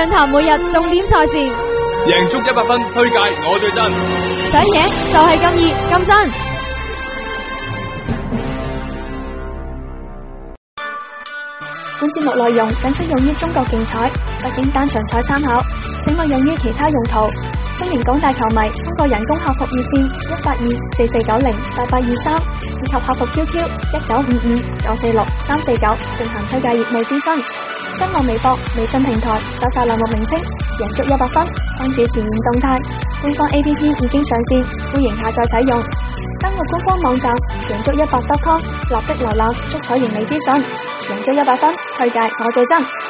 暢談每日重點賽事，贏足一百分推介，我最真。想贏就係、是、咁易咁真。本節目內容僅適用於中國競彩北京單場彩參考，請勿用於其他用途。歡迎廣大球迷通過人工客服熱線一八二四四九零八八二三以及客服 QQ 一九五五九四六三四九，進行推介業務諮詢。新浪微博、微信平台搜索欄目名稱贏足一百分，關注前沿動態。官方 APP 已經上線，歡迎下載使用。登錄官方網站贏足一百 .com，立即瀏覽足彩盈利資訊。贏足一百分，推介我最真。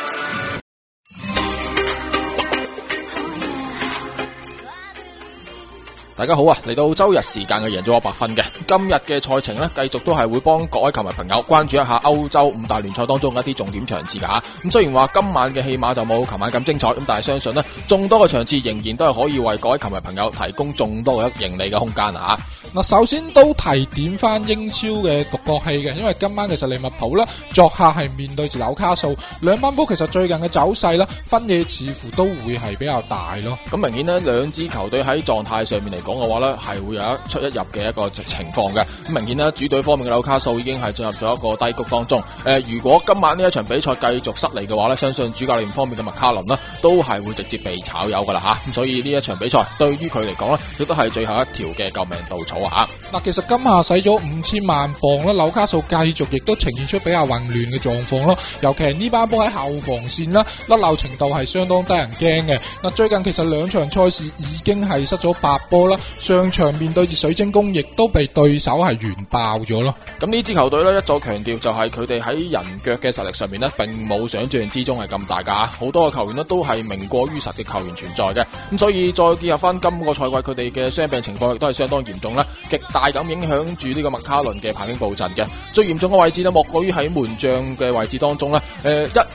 大家好啊！嚟到周日時間嘅贏足 100FUN 嘅，今日嘅賽程咧，繼續都係會幫各位球迷朋友關注一下歐洲五大聯賽當中一啲重點場次嘅吓。咁雖然話今晚嘅戲碼就冇琴晚咁精彩，咁但係相信呢，眾多嘅場次仍然都係可以為各位球迷朋友提供眾多嘅盈利嘅空間啊！吓。嗱，首先都提點翻英超嘅獨角戲嘅，因為今晚其實利物浦啦作客係面對住紐卡素，兩班波其實最近嘅走勢啦，分野似乎都會係比較大咯。咁明顯呢，兩支球隊喺狀態上面嚟講嘅話呢，係會有一出一入嘅一個情況嘅。咁明顯呢，主隊方面嘅紐卡素已經係進入咗一個低谷當中。誒、呃，如果今晚呢一場比賽繼續失利嘅話呢，相信主教練方面嘅麥卡倫呢，都係會直接被炒魷噶啦吓。咁所以呢一場比賽對於佢嚟講呢，亦都係最後一條嘅救命稻草。吓，嗱，其實今夏使咗五千萬鎊啦，紐卡素繼續亦都呈現出比較混亂嘅狀況咯。尤其係呢班波喺後防線啦，甩漏程度係相當得人驚嘅。嗱，最近其實兩場賽事已經係失咗八波啦。上場面對住水晶宮，亦都被對手係完爆咗咯。咁呢支球隊呢，一再強調就係佢哋喺人腳嘅實力上面呢，並冇想象之中係咁大噶。好多嘅球員咧都係名過於實嘅球員存在嘅。咁所以再結合翻今個賽季佢哋嘅傷病情況，亦都係相當嚴重啦。極大咁影響住呢個麥卡倫嘅排兵布陣嘅。最嚴重嘅位置呢，莫過於喺門將嘅位置當中呢，誒，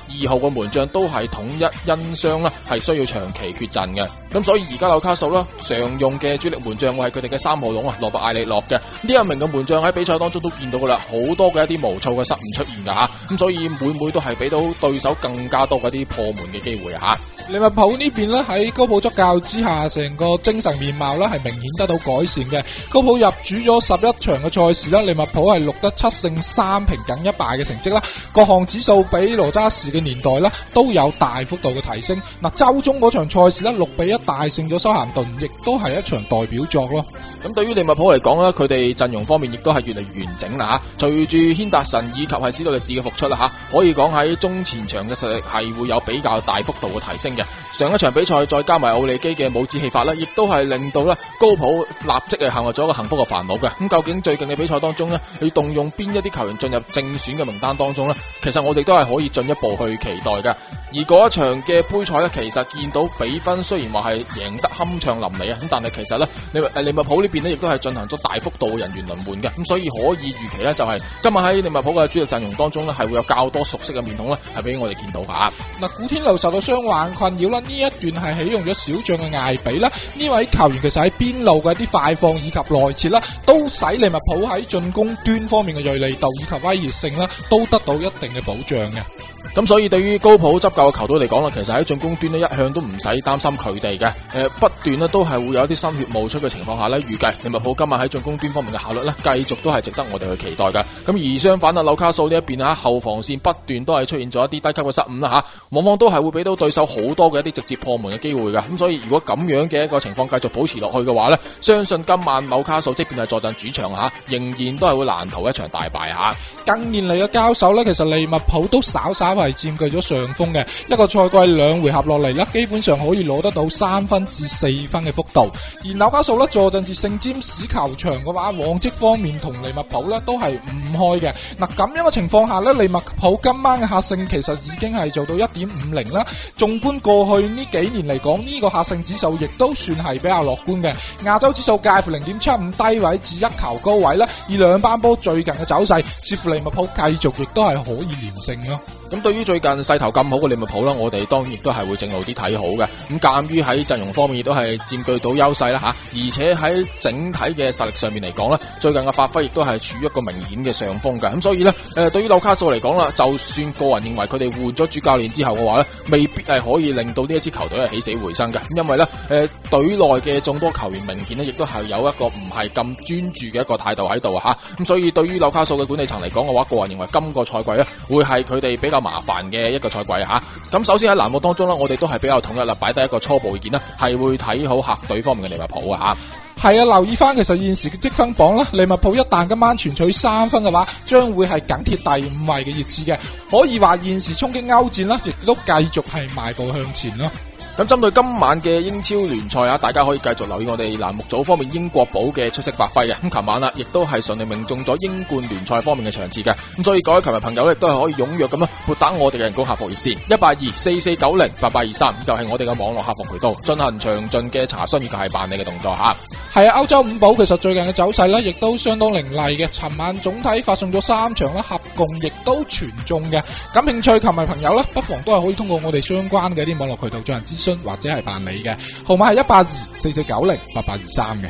一二號嘅門將都係統一因傷啦，係需要長期缺陣嘅。咁所以而家紐卡素啦，常用嘅主力門將會係佢哋嘅三號龍啊，羅伯艾利諾嘅呢一名嘅門將喺比賽當中都見到噶啦，好多嘅一啲毛躁嘅失誤出現噶吓，咁所以每每，每都係俾到對手更加多嘅一啲破門嘅機會吓。利物浦這邊呢邊咧喺高普執教之下，成個精神面貌咧係明顯得到改善嘅。高普入主咗十一場嘅賽事咧，利物浦係錄得七勝三平僅一敗嘅成績啦。各項指數比羅渣士嘅年代咧都有大幅度嘅提升。嗱、呃，周中嗰場賽事呢，六比一大勝咗修咸頓，亦都係一場代表作咯。咁對於利物浦嚟講呢，佢哋陣容方面亦都係越嚟越完整啦吓、啊。隨住軒達臣以及係史奈日志嘅復出啦吓、啊，可以講喺中前場嘅實力係會有比較大幅度嘅提升。上一場比賽再加埋奧利基嘅帽子戲法咧，亦都係令到咧高普立即係陷入咗一個幸福嘅煩惱嘅。咁究竟最近嘅比賽當中咧，要動用邊一啲球員進入正選嘅名單當中咧？其實我哋都係可以進一步去期待嘅。而嗰一場嘅杯賽咧，其實見到比分雖然話係贏得酣暢淋漓啊，咁但係其實咧，利物浦呢邊咧亦都係進行咗大幅度嘅人員輪換嘅，咁所以可以預期咧就係今日喺利物浦嘅主力陣容當中咧，係會有較多熟悉嘅面孔咧，係俾我哋見到吓。嗱，古天流受到傷患困擾啦，呢一段係起用咗小將嘅艾比啦，呢位球員其實喺邊路嘅一啲快放以及內切啦，都使利物浦喺進攻端方面嘅銳利度以及威脅性啦，都得到一定嘅保障嘅。咁所以對於高普執教嘅球隊嚟講啦，其實喺進攻端咧一向都唔使擔心佢哋嘅，誒、呃、不斷咧都係會有一啲新血冒出嘅情況下咧，預計利物浦今晚喺進攻端方面嘅效率咧，繼續都係值得我哋去期待嘅。咁而相反啊，紐卡素呢一邊吓後防線不斷都係出現咗一啲低級嘅失誤啦吓，往往都係會俾到對手好多嘅一啲直接破門嘅機會嘅。咁、啊、所以如果咁樣嘅一個情況繼續保持落去嘅話咧，相信今晚紐卡素即便係坐鎮主場吓、啊，仍然都係會難逃一場大敗吓。近、啊、年嚟嘅交手咧，其實利物浦都稍稍。係佔據咗上風嘅一個賽季兩回合落嚟啦，基本上可以攞得到三分至四分嘅幅度。而紐卡素咧坐陣至聖詹士球場嘅話，往績方面同利物浦咧都係五五開嘅。嗱、啊、咁樣嘅情況下咧，利物浦今晚嘅客勝其實已經係做到一點五零啦。縱觀過去呢幾年嚟講，呢、這個客勝指數亦都算係比較樂觀嘅。亞洲指數介乎零點七五低位至一球高位啦。而兩班波最近嘅走勢，似乎利物浦繼續亦都係可以連勝咯。咁對於最近勢頭咁好嘅利物浦啦，我哋當然亦都係會正路啲睇好嘅。咁鑑於喺陣容方面亦都係佔據到優勢啦嚇，而且喺整體嘅實力上面嚟講咧，最近嘅發揮亦都係處於一個明顯嘅上風嘅。咁所以呢，誒對於紐卡素嚟講啦，就算個人認為佢哋換咗主教練之後嘅話呢，未必係可以令到呢一支球隊係起死回生嘅。因為呢，誒、呃、隊內嘅眾多球員明顯呢，亦都係有一個唔係咁專注嘅一個態度喺度啊嚇。咁所以對於紐卡素嘅管理層嚟講嘅話，個人認為今個賽季呢，會係佢哋比較麻煩嘅一個賽季吓，咁、啊、首先喺欄目當中咧，我哋都係比較統一啦，擺低一個初步意見啦，係會睇好客隊方面嘅利物浦啊吓，係啊，留意翻其實現時嘅積分榜啦，利物浦一旦今晚全取三分嘅話，將會係緊貼第五位嘅熱刺嘅，可以話現時衝擊歐戰啦，亦都繼續係邁步向前咯。咁針對今晚嘅英超聯賽啊，大家可以繼續留意我哋欄目組方面英國寶嘅出色發揮嘅。咁琴晚亦都係順利命中咗英冠聯賽方面嘅場次嘅。咁所以各位球迷朋友咧，亦都係可以踊躍咁樣撥打我哋嘅人工客服熱線一八二四四九零八八二三，就係我哋嘅網絡客服渠道，進行詳盡嘅查詢以及係辦理嘅動作吓。係啊，歐洲五寶其實最近嘅走勢咧，亦都相當凌厲嘅。尋晚總體發送咗三場啦，合共亦都全中嘅。感興趣球迷朋友咧，不妨都係可以通過我哋相關嘅啲網絡渠道進行諮詢或者係辦理嘅。號碼係一八二四四九零八八二三嘅。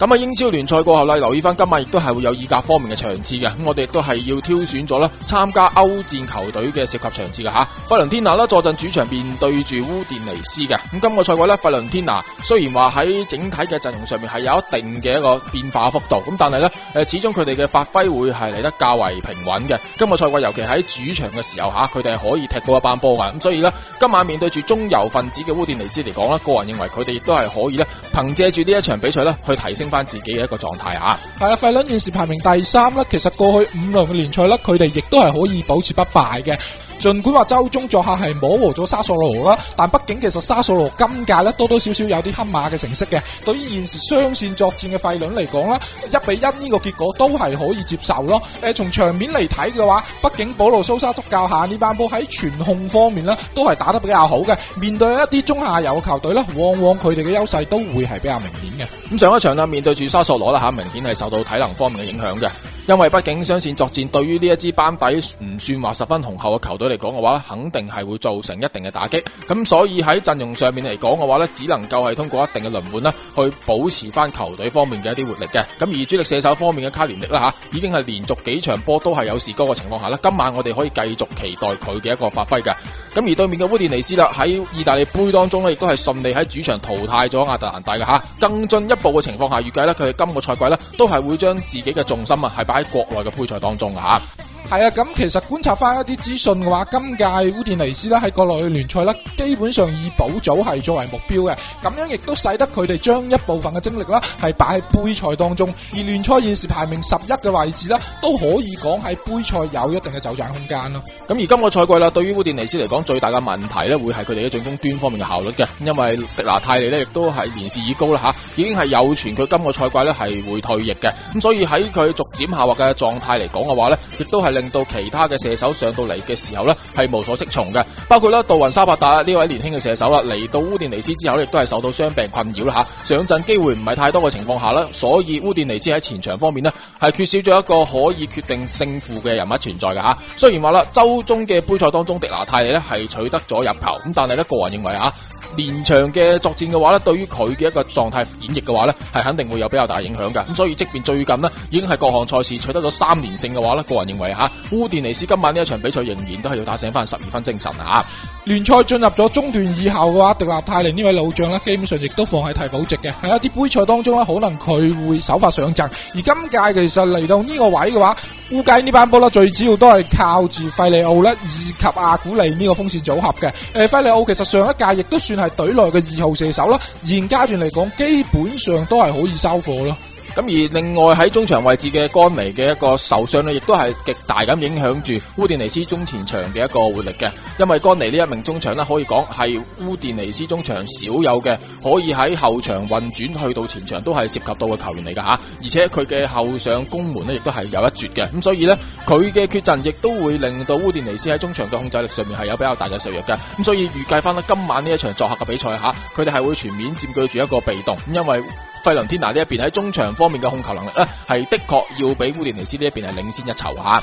咁啊！英超聯賽過後啦，留意翻今晚亦都係會有意甲方面嘅場次嘅，咁我哋亦都係要挑選咗啦，參加歐戰球隊嘅涉及場次嘅吓。弗倫天拿啦，坐陣主場面對住烏甸尼斯嘅，咁、啊、今個賽季咧弗倫天拿雖然話喺整體嘅陣容上面係有一定嘅一個變化幅度，咁、啊、但係咧誒始終佢哋嘅發揮會係嚟得較為平穩嘅。今個賽季尤其喺主場嘅時候吓，佢哋係可以踢到一班波嘅，咁、啊、所以咧今晚面對住中游份子嘅烏甸尼斯嚟講啦，個人認為佢哋亦都係可以咧憑借住呢一場比賽咧去提升。翻自己嘅一個狀態吓，係啊，費倫現時排名第三啦。其實過去五輪嘅聯賽啦，佢哋亦都係可以保持不敗嘅。儘管話周中作客係摸和咗沙索羅啦，但畢竟其實沙索羅今屆咧多多少少有啲黑馬嘅成色嘅。對於現時雙線作戰嘅費倫嚟講啦，一比一呢個結果都係可以接受咯。誒，從場面嚟睇嘅話，畢竟保羅蘇沙執教下呢班波喺傳控方面咧都係打得比較好嘅。面對一啲中下游嘅球隊咧，往往佢哋嘅優勢都會係比較明顯嘅。咁上一場啦，面對住沙索羅啦吓，明顯係受到體能方面嘅影響嘅。因為畢竟雙線作戰對於呢一支班底唔算話十分雄厚嘅球隊嚟講嘅話，肯定係會造成一定嘅打擊。咁所以喺陣容上面嚟講嘅話呢，只能夠係通過一定嘅輪換啦，去保持翻球隊方面嘅一啲活力嘅。咁而主力射手方面嘅卡連迪啦吓，已經係連續幾場波都係有士高嘅情況下啦，今晚我哋可以繼續期待佢嘅一個發揮嘅。咁而對面嘅烏迪尼斯啦，喺意大利杯當中咧，亦都係順利喺主場淘汰咗亞特蘭大嘅嚇，更進一步嘅情況下，預計咧佢哋今個賽季咧都係會將自己嘅重心啊，係擺喺國內嘅杯賽當中㗎。係啊，咁其實觀察翻一啲資訊嘅話，今屆烏迪尼斯呢，喺國內嘅聯賽呢，基本上以保組係作為目標嘅，咁樣亦都使得佢哋將一部分嘅精力啦係擺喺杯賽當中，而聯賽現時排名十一嘅位置啦，都可以講喺杯賽有一定嘅走盞空間咯。咁而今個賽季啦，對於烏迪尼斯嚟講，最大嘅問題咧會係佢哋嘅進攻端方面嘅效率嘅，因為迪拿泰利咧亦都係年事已高啦吓，已經係有傳佢今個賽季咧係會退役嘅，咁所以喺佢逐漸下滑嘅狀態嚟講嘅話咧，亦都係令到其他嘅射手上到嚟嘅時候呢，係無所適從嘅。包括啦，杜雲沙伯達呢位年輕嘅射手啦，嚟到烏甸尼斯之後，亦都係受到傷病困擾啦吓。上陣機會唔係太多嘅情況下啦，所以烏甸尼斯喺前場方面呢，係缺少咗一個可以決定勝負嘅人物存在嘅吓。雖然話啦，周中嘅杯賽當中，迪拿泰利呢，係取得咗入球，咁但係呢，個人認為啊。連場嘅作戰嘅話咧，對於佢嘅一個狀態演繹嘅話咧，係肯定會有比較大影響噶。咁所以即便最近咧，已經係各項賽事取得咗三連勝嘅話咧，個人認為吓，烏迪尼斯今晚呢一場比賽仍然都係要打醒翻十二分精神啊！聯賽進入咗中段以後嘅話，迪納泰尼呢位老將咧，基本上亦都放喺替補席嘅。喺一啲杯賽當中咧，可能佢會首發上陣。而今屆其實嚟到呢個位嘅話，估計呢班波粒最主要都係靠住費利奧咧以及阿古利呢個鋒線組合嘅。誒、呃，費利奧其實上一屆亦都算。係隊內嘅二號射手啦，現階段嚟講，基本上都係可以收貨咯。咁而另外喺中場位置嘅甘尼嘅一個受傷呢，亦都係極大咁影響住烏迪尼斯中前場嘅一個活力嘅。因為甘尼呢一名中場咧，可以講係烏迪尼斯中場少有嘅，可以喺後場運轉去到前場都係涉及到嘅球員嚟噶吓。而且佢嘅後上攻門呢亦都係有一絕嘅。咁所以咧，佢嘅缺陣亦都會令到烏迪尼斯喺中場嘅控制力上面係有比較大嘅削弱嘅。咁所以預計翻今晚呢一場作客嘅比賽吓，佢哋係會全面佔據住一個被動。因為。費倫天拿呢一邊喺中場方面嘅控球能力咧，係的確要比烏迪尼斯呢一邊係領先一籌吓、啊。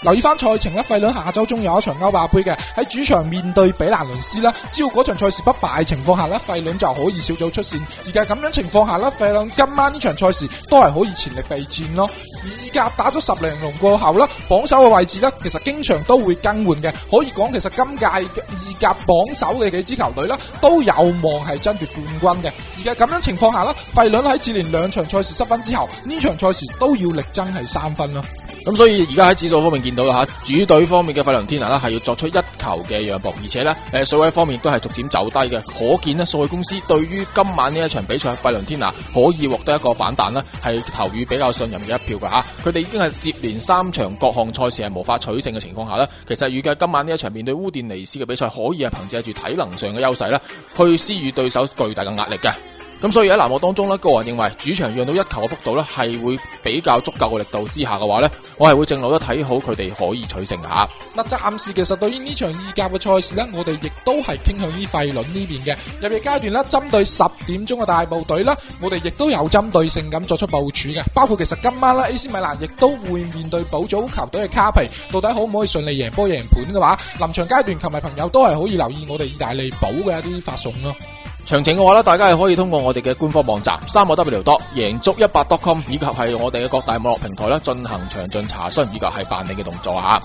留意翻賽程啦，費倫下周中有一場歐霸杯嘅，喺主場面對比蘭倫斯啦。只要嗰場賽事不敗情況下呢，費倫就可以小組出線。而家咁樣情況下呢，費倫今晚呢場賽事都係可以全力備戰咯。意甲打咗十零輪過後啦，榜首嘅位置呢，其實經常都會更換嘅。可以講，其實今屆意甲榜首嘅幾支球隊啦，都有望係爭奪冠軍嘅。而家咁樣情況下啦，費倫喺接連兩場賽事失分之後，呢場賽事都要力爭係三分咯。咁、嗯、所以而家喺指數方面見到嘅吓，主隊方面嘅費倫天拿啦係要作出一球嘅讓步，而且咧誒，水位方面都係逐漸走低嘅，可見咧數據公司對於今晚呢一場比賽費倫天拿可以獲得一個反彈啦，係投與比較信任嘅一票嘅吓，佢、啊、哋已經係接連三場各項賽事係無法取勝嘅情況下咧，其實預計今晚呢一場面對烏甸尼斯嘅比賽，可以係憑借住體能上嘅優勢咧，去施予對手巨大嘅壓力嘅。咁所以喺拿握當中咧，個人認為主場讓到一球嘅幅度咧，係會比較足夠嘅力度之下嘅話呢，我係會正路一睇好佢哋可以取勝吓。嗱，即係暗示其實對於呢場意甲嘅賽事呢，我哋亦都係傾向於費輪呢邊嘅入夜階段咧，針對十點鐘嘅大部隊咧，我哋亦都有針對性咁作出部署嘅。包括其實今晚啦，AC 米蘭亦都會面對保組球隊嘅卡皮，到底可唔可以順利贏波贏盤嘅話，臨場階段球迷朋友都係可以留意我哋意大利保嘅一啲發送咯。詳情嘅話咧，大家係可以通過我哋嘅官方網站 www .贏足一百 .com 以及係我哋嘅各大網絡平台咧進行詳盡查詢以及係辦理嘅動作吓。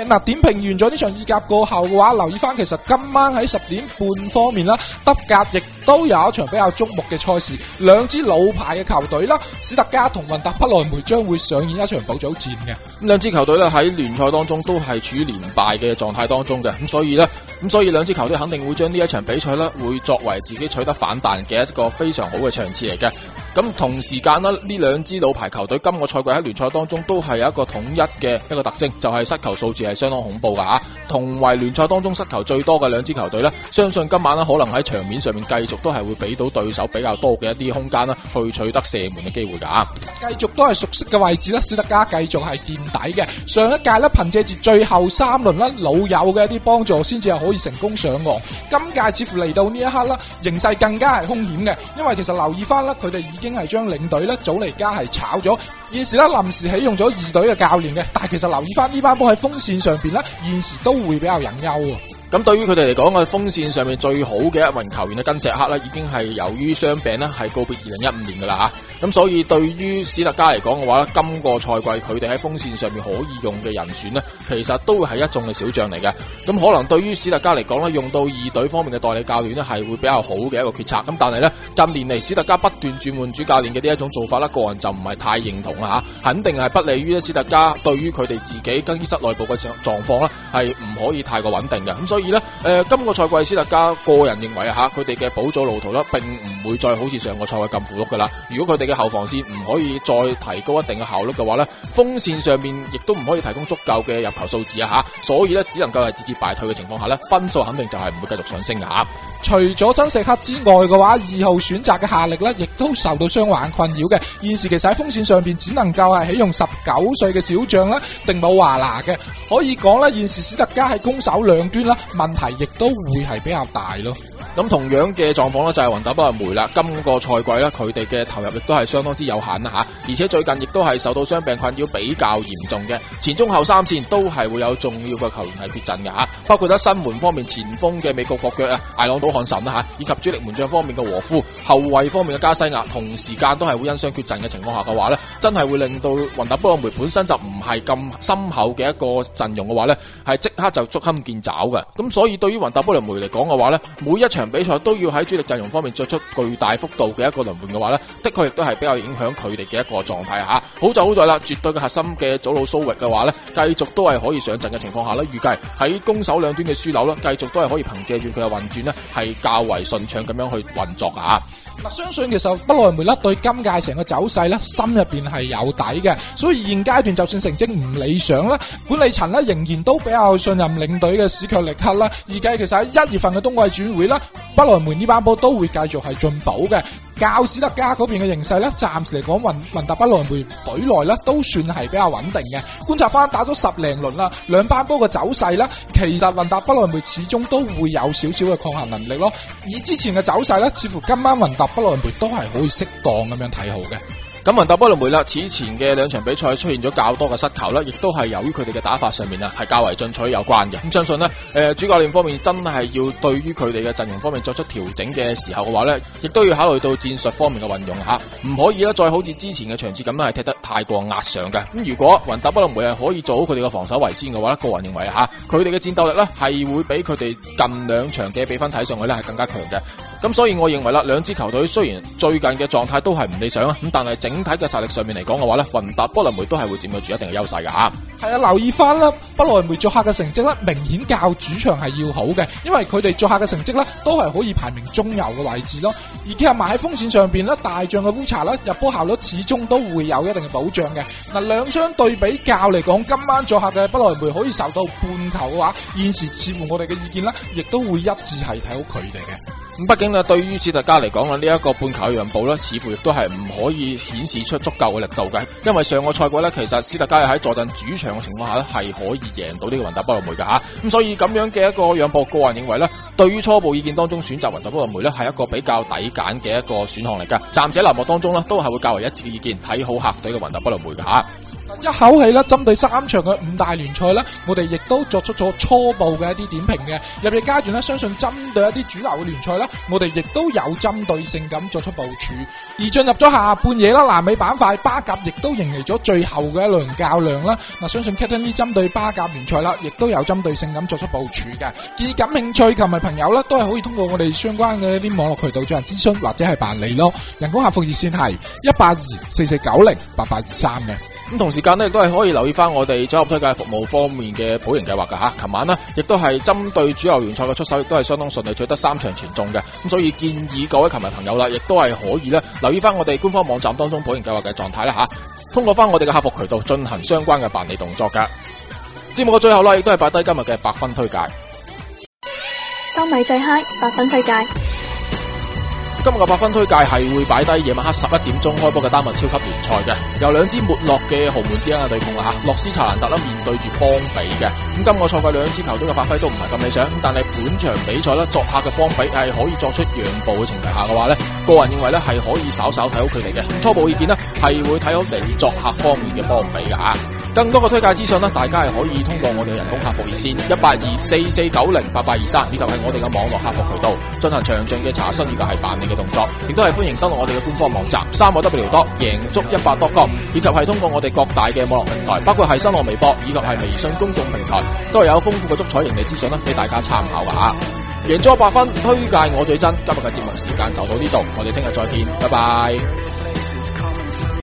誒，嗱，點評完咗呢場意甲過後嘅話，留意翻，其實今晚喺十點半方面啦。德甲亦。都有一場比較矚目嘅賽事，兩支老牌嘅球隊啦，史特加同雲達不萊梅將會上演一場補組戰嘅。兩支球隊咧喺聯賽當中都係處於連敗嘅狀態當中嘅，咁所以咧，咁所以兩支球隊肯定會將呢一場比賽咧，會作為自己取得反彈嘅一個非常好嘅場次嚟嘅。咁同時間啦，呢兩支老牌球隊今個賽季喺聯賽當中都係有一個統一嘅一個特徵，就係失球數字係相當恐怖噶吓。同為聯賽當中失球最多嘅兩支球隊咧，相信今晚咧可能喺場面上面繼續。都係會俾到對手比較多嘅一啲空間啦，去取得射門嘅機會噶。繼續都係熟悉嘅位置啦，史德加繼續係墊底嘅。上一屆咧，憑借住最後三輪啦，老友嘅一啲幫助，先至係可以成功上岸。今屆似乎嚟到呢一刻啦，形勢更加係兇險嘅。因為其實留意翻啦，佢哋已經係將領隊咧早嚟家係炒咗，現時咧臨時起用咗二隊嘅教練嘅。但係其實留意翻呢班波喺鋒線上邊咧，現時都會比較隱憂。咁對於佢哋嚟講嘅鋒線上面最好嘅一名球員嘅根石克咧，已經係由於傷病咧係告別二零一五年噶啦吓。咁所以對於史特加嚟講嘅話咧，今個賽季佢哋喺鋒線上面可以用嘅人選呢，其實都係一眾嘅小將嚟嘅。咁可能對於史特加嚟講咧，用到二隊方面嘅代理教練咧係會比較好嘅一個決策。咁但係呢，近年嚟史特加不斷轉換主教練嘅呢一種做法咧，個人就唔係太認同啦吓。肯定係不利於史特加對於佢哋自己更衣室內部嘅狀狀況咧係唔可以太過穩定嘅。所以咧，誒、呃，今個賽季史特加個人認為吓佢哋嘅補助路途咧，並唔會再好似上個賽季咁富碌噶啦。如果佢哋嘅後防線唔可以再提高一定嘅效率嘅話咧，鋒線上面亦都唔可以提供足夠嘅入球數字啊，吓。所以咧，只能夠係節節敗退嘅情況下咧，分數肯定就係唔會繼續上升噶。吓，除咗真石黑之外嘅話，二號選擇嘅夏力咧，亦都受到傷患困擾嘅。現時其實喺鋒線上面，只能夠係起用十九歲嘅小將啦，定冇華拿嘅。可以講咧，現時史特加係攻守兩端啦，問題亦都會係比較大咯。咁同樣嘅狀況呢，就係、是、雲達不萊梅啦。今個賽季呢，佢哋嘅投入亦都係相當之有限啦，而且最近亦都係受到傷病困擾比較嚴重嘅。前中後三線都係會有重要嘅球員係缺陣嘅嚇。包括咧新門方面，前鋒嘅美國國腳啊艾朗多漢臣，以及主力門將方面嘅和夫，後衞方面嘅加西亞，同時間都係會因傷缺陣嘅情況下嘅話呢，真係會令到雲達不萊梅本身就唔係咁深厚嘅一個陣容嘅話呢，係即刻就捉襟見肘嘅。咁所以對於雲達不萊梅嚟講嘅話呢，每一場比賽都要喺主力陣容方面作出巨大幅度嘅一個輪換嘅話呢的確亦都係比較影響佢哋嘅一個狀態吓。好就好在啦，絕對嘅核心嘅祖魯蘇域嘅話呢繼續都係可以上陣嘅情況下呢預計喺攻守兩端嘅樞紐呢繼續都係可以憑借住佢嘅運轉呢係較為順暢咁樣去運作啊。相信其實不萊梅咧對今屆成個走勢咧，心入邊係有底嘅，所以現階段就算成績唔理想咧，管理層咧仍然都比較信任領隊嘅史強力克啦。預計其實喺一月份嘅冬季轉會啦，不萊梅呢班波都會繼續係進補嘅。教史特加嗰邊嘅形勢咧，暫時嚟講，雲雲達不萊梅隊內咧都算係比較穩定嘅。觀察翻打咗十零輪啦，兩班波嘅走勢呢，其實雲達不萊梅始終都會有少少嘅抗衡能力咯。以之前嘅走勢咧，似乎今晚雲達不萊梅都係可以適當咁樣睇好嘅。咁雲達不萊梅啦，此前嘅兩場比賽出現咗較多嘅失球啦，亦都係由於佢哋嘅打法上面啊係較為進取有關嘅。咁相信呢誒、呃、主教練方面真係要對於佢哋嘅陣容方面作出調整嘅時候嘅話呢，亦都要考慮到戰術方面嘅運用吓，唔可以再好似之前嘅場次咁樣係踢得太過壓上嘅。咁如果雲達不萊梅係可以做好佢哋嘅防守為先嘅話呢個人認為吓，佢哋嘅戰鬥力呢係會比佢哋近兩場嘅比分睇上去咧係更加強嘅。咁所以我認為啦，兩支球隊雖然最近嘅狀態都係唔理想啊，咁但係整體嘅實力上面嚟講嘅話咧，雲達不萊梅都係會佔據住一定嘅優勢嘅吓。係啊，留意翻啦，不萊梅作客嘅成績咧，明顯較主場係要好嘅，因為佢哋作客嘅成績咧，都係可以排名中游嘅位置咯。而且埋喺鋒線上邊咧，大將嘅烏茶咧入波效率始終都會有一定嘅保障嘅。嗱，兩相對比較嚟講，今晚作客嘅不萊梅可以受到半球嘅話，現時似乎我哋嘅意見咧，亦都會一致係睇好佢哋嘅。咁畢竟咧，對於斯特加嚟講啦，呢一個半球嘅讓步咧，似乎亦都係唔可以顯示出足夠嘅力度嘅。因為上個賽季咧，其實斯特加係喺坐鎮主場嘅情況下咧，係可以贏到呢個雲達不萊梅嘅吓。咁所以咁樣嘅一個讓步，個人認為咧，對於初步意見當中選擇雲達不萊梅咧，係一個比較抵揀嘅一個選項嚟噶。暫且欄目當中咧，都係會較為一致嘅意見，睇好客隊嘅雲達不萊梅嘅吓。一口氣咧，針對三場嘅五大聯賽咧，我哋亦都作出咗初步嘅一啲點評嘅。入夜階段咧，相信針對一啲主流嘅聯賽咧。我哋亦都有針對性咁作出部署，而進入咗下半夜啦，南美板塊巴甲亦都迎嚟咗最後嘅一輪較量啦。嗱，相信 c a t t i n 呢針對巴甲聯賽啦，亦都有針對性咁作出部署嘅。建議感興趣球迷朋友呢，都係可以通過我哋相關嘅一啲網絡渠道進行諮詢或者係辦理咯。人工客服熱線係一八二四四九零八八二三嘅。咁同時間咧都係可以留意翻我哋組合推介服務方面嘅普型計劃噶吓，琴晚亦都係針對主流聯賽嘅出手，亦都係相當順利，取得三場全中嘅。咁所以建議各位琴日朋友啦，亦都係可以咧留意翻我哋官方網站當中普型計劃嘅狀態啦吓，通過翻我哋嘅客服渠道進行相關嘅辦理動作噶。節目嘅最後咧，亦都係擺低今日嘅百分推介，收米最嗨，百分推介。今日嘅百分推介係會擺低夜晚黑十一點鐘開波嘅丹麥超級聯賽嘅，由兩支沒落嘅豪門之間嘅對碰啦吓，洛斯查蘭特啦面對住邦比嘅，咁今個賽季兩支球隊嘅發揮都唔係咁理想，但係本場比賽咧作客嘅邦比係可以作出讓步嘅前提下嘅話咧，個人認為咧係可以稍稍睇好佢哋嘅，初步意見咧係會睇好嚟作客方面嘅邦比嘅吓。更多嘅推介資訊咧，大家係可以通過我哋嘅人工客服熱線一八二四四九零八八二三，823，以及係我哋嘅網絡客服渠道進行詳盡嘅查詢，以及係辦理嘅動作，亦都係歡迎登錄我哋嘅官方網站三個 w 多贏足一百 .com，以及係通過我哋各大嘅網絡平台，包括係新浪微博以及係微信公眾平台，都係有豐富嘅足彩盈利資訊啦，俾大家參考噶吓。贏咗百分，推介我最真。今日嘅節目時間就到呢度，我哋聽日再見，拜拜。